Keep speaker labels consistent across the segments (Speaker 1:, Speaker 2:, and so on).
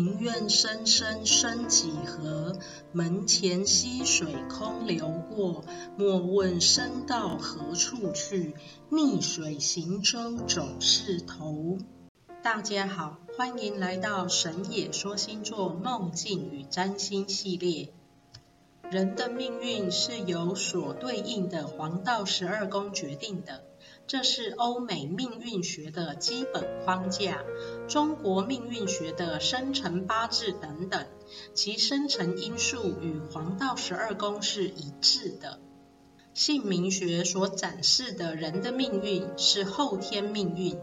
Speaker 1: 庭院深深深幾何，門前溪水空流過。莫問身到何處去，逆水行舟總是頭。大家好，歡迎來到神野說星座夢境與占星系列。人的命運是由所對應的黃道十二宮決定的。這是歐美命運學的基本框架。中國命運學的生辰八字等等，其生成因素與黃道十二宮是一致的。姓名學所展示的人的命運是後天命運，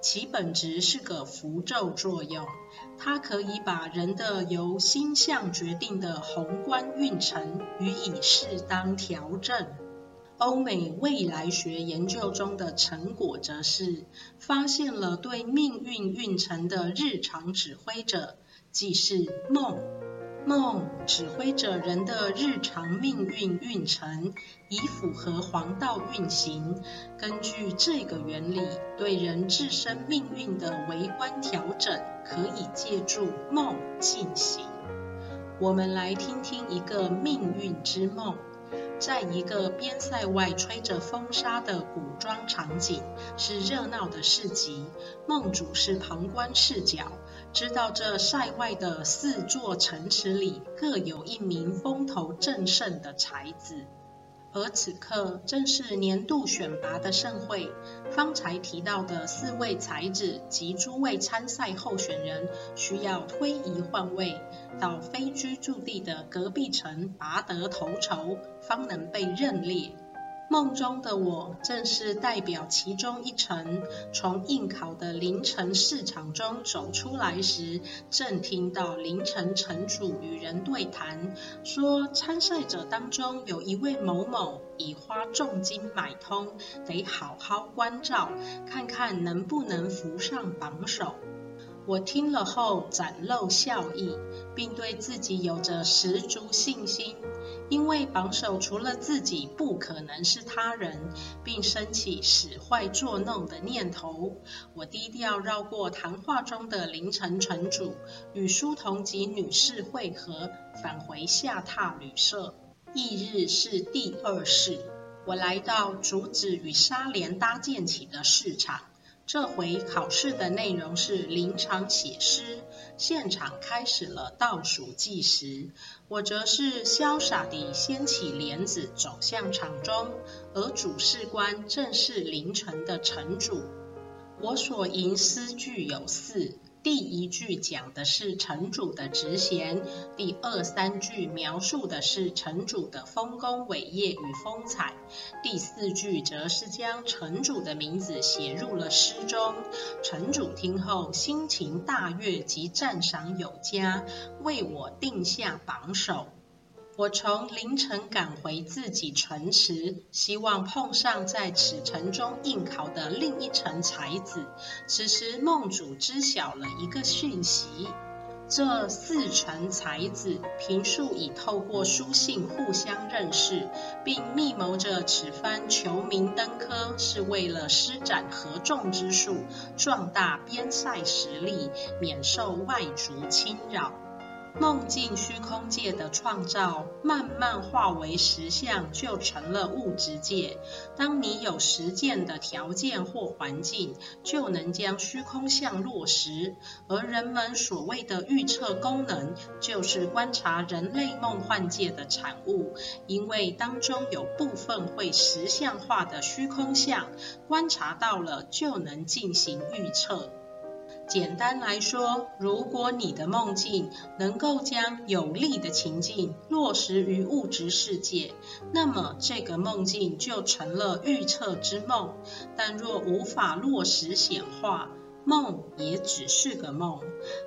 Speaker 1: 其本質是個符咒作用，它可以把人的由星象決定的宏觀運程予以適當調整。歐美未來學研究中的成果，則是發現了對命運運程的日常指揮者，即是夢。夢指揮着人的日常命運運程，以符合黃道運行。根據這個原理，對人自身命運的微觀調整，可以借助夢進行。我們來聽聽一個命運之夢。在一個邊塞外吹着風沙的古裝場景，是熱鬧的市集。夢主是旁觀視角，知道這塞外的四座城池裡，各有一名風頭正盛的才子。而此刻正是年度選拔的盛會，方才提到的四位才子及諸位參賽候選人，需要推移換位到非居住地的隔壁城拔得頭籌，方能被認列。夢中的我正是代表其中一城，從應考的鄰城市場中走出來時，正聽到鄰城城主與人對談，說參賽者當中有一位某某已花重金買通，得好好關照，看看能不能扶上榜首。我聽了後展露笑意，並對自己有着十足信心。因為榜首除了自己不可能是他人，並升起使壞作弄的念頭，我低調繞過談話中的凌晨城主，與書童及女士會合，返回下榻旅社。翌日是第二市。我來到竹子與紗簾搭建起的市場。這回考試的內容是臨場寫詩，現場開始了倒數計時。我則是瀟灑地掀起簾子走向場中，而主事官正是凌晨的城主。我所吟詩句有四。第一句講的是城主的職銜，第二三句描述的是城主的豐功偉業與風采，第四句則是將城主的名字寫入了詩中。城主聽後心情大悅，及讚賞有加，為我定下榜首。我從凌晨趕回自己城池，希望碰上在此城中應考的另一城才子。此時夢主知曉了一個訊息：這四城才子平素已透過書信互相認識，並密謀着此番求名登科，是為了施展合眾之術，壯大邊塞實力，免受外族侵擾。夢境虛空界的創造慢慢化為實相，就成了物質界。當你有實踐的條件或環境，就能將虛空相落實。而人們所謂的預測功能，就是觀察人類夢幻界的產物，因為當中有部分會實相化的虛空相，觀察到了就能進行預測。簡單來說，如果你的夢境能夠將有利的情境落實於物質世界，那麼這個夢境就成了預測之夢。但若無法落實顯化，夢也只是個夢，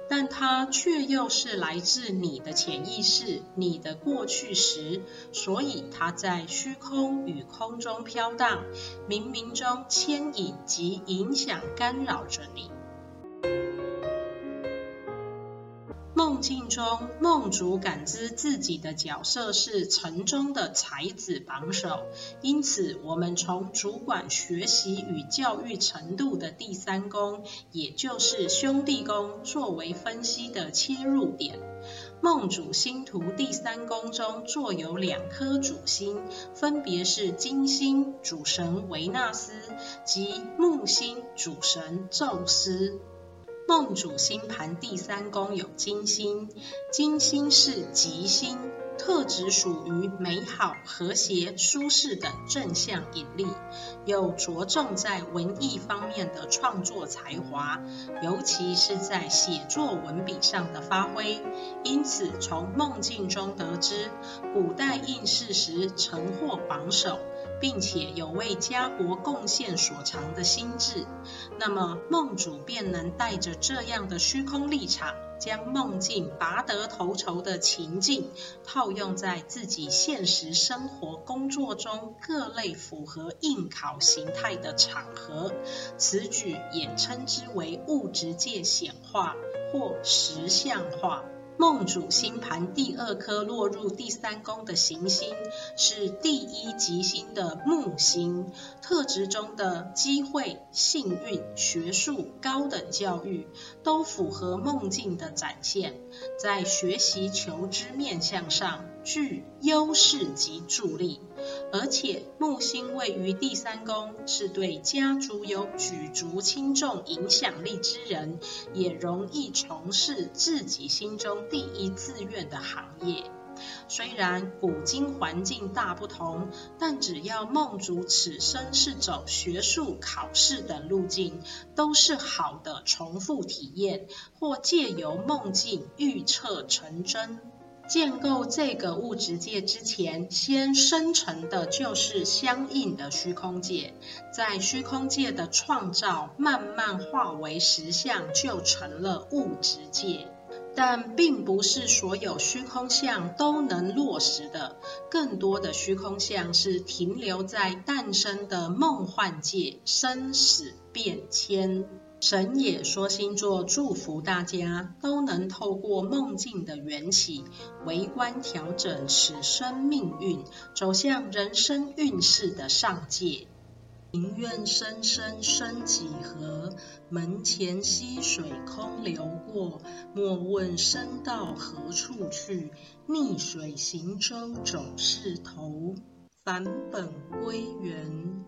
Speaker 1: 但它卻又是來自你的潛意識、你的過去時，所以它在虛空與空中飄蕩，冥冥中牽引及影響、干擾着你。夢境中，夢主感知自己的角色是城中的才子榜首，因此我們從主管學習與教育程度的第三宮，也就是兄弟宮作為分析的切入點。夢主星圖第三宮中坐有兩顆主星，分別是金星主神維納斯及木星主神宙斯。夢主星盤第三宮有金星，金星是吉星，特指屬於美好、和諧、舒適的正向引力，有着重在文藝方面的創作才華，尤其是在寫作文筆上的發揮。因此，從夢境中得知，古代應試時曾獲榜首。並且有為家國貢獻所長的心智，那麼夢主便能帶着這樣的虛空立場，將夢境拔得頭籌的情境，套用在自己現實生活工作中各類符合應考形態的場合。此舉也稱之為物質界顯化或實像化。夢主星盤第二顆落入第三宮的行星是第一吉星的木星，特質中的機會、幸運、學術、高等教育都符合夢境的展現，在學習求知面向上。具優勢及助力，而且木星位於第三宮，是對家族有舉足輕重影響力之人，也容易從事自己心中第一志願的行業。雖然古今環境大不同，但只要夢主此生是走學術、考試等路徑，都是好的重複體驗，或借由夢境預測成真。建構這個物質界之前，先生成的就是相應的虛空界。在虛空界的創造，慢慢化為實相，就成了物質界。但並不是所有虛空相都能落實的，更多的虛空相是停留在誕生的夢幻界，生死變遷。神野說星座祝福大家都能透過夢境的緣起，微觀調整，此生命運走向人生運勢的上界。庭院深深深幾許，門前溪水空流過。莫問身到何處去，逆水行舟總是頭。返本歸元。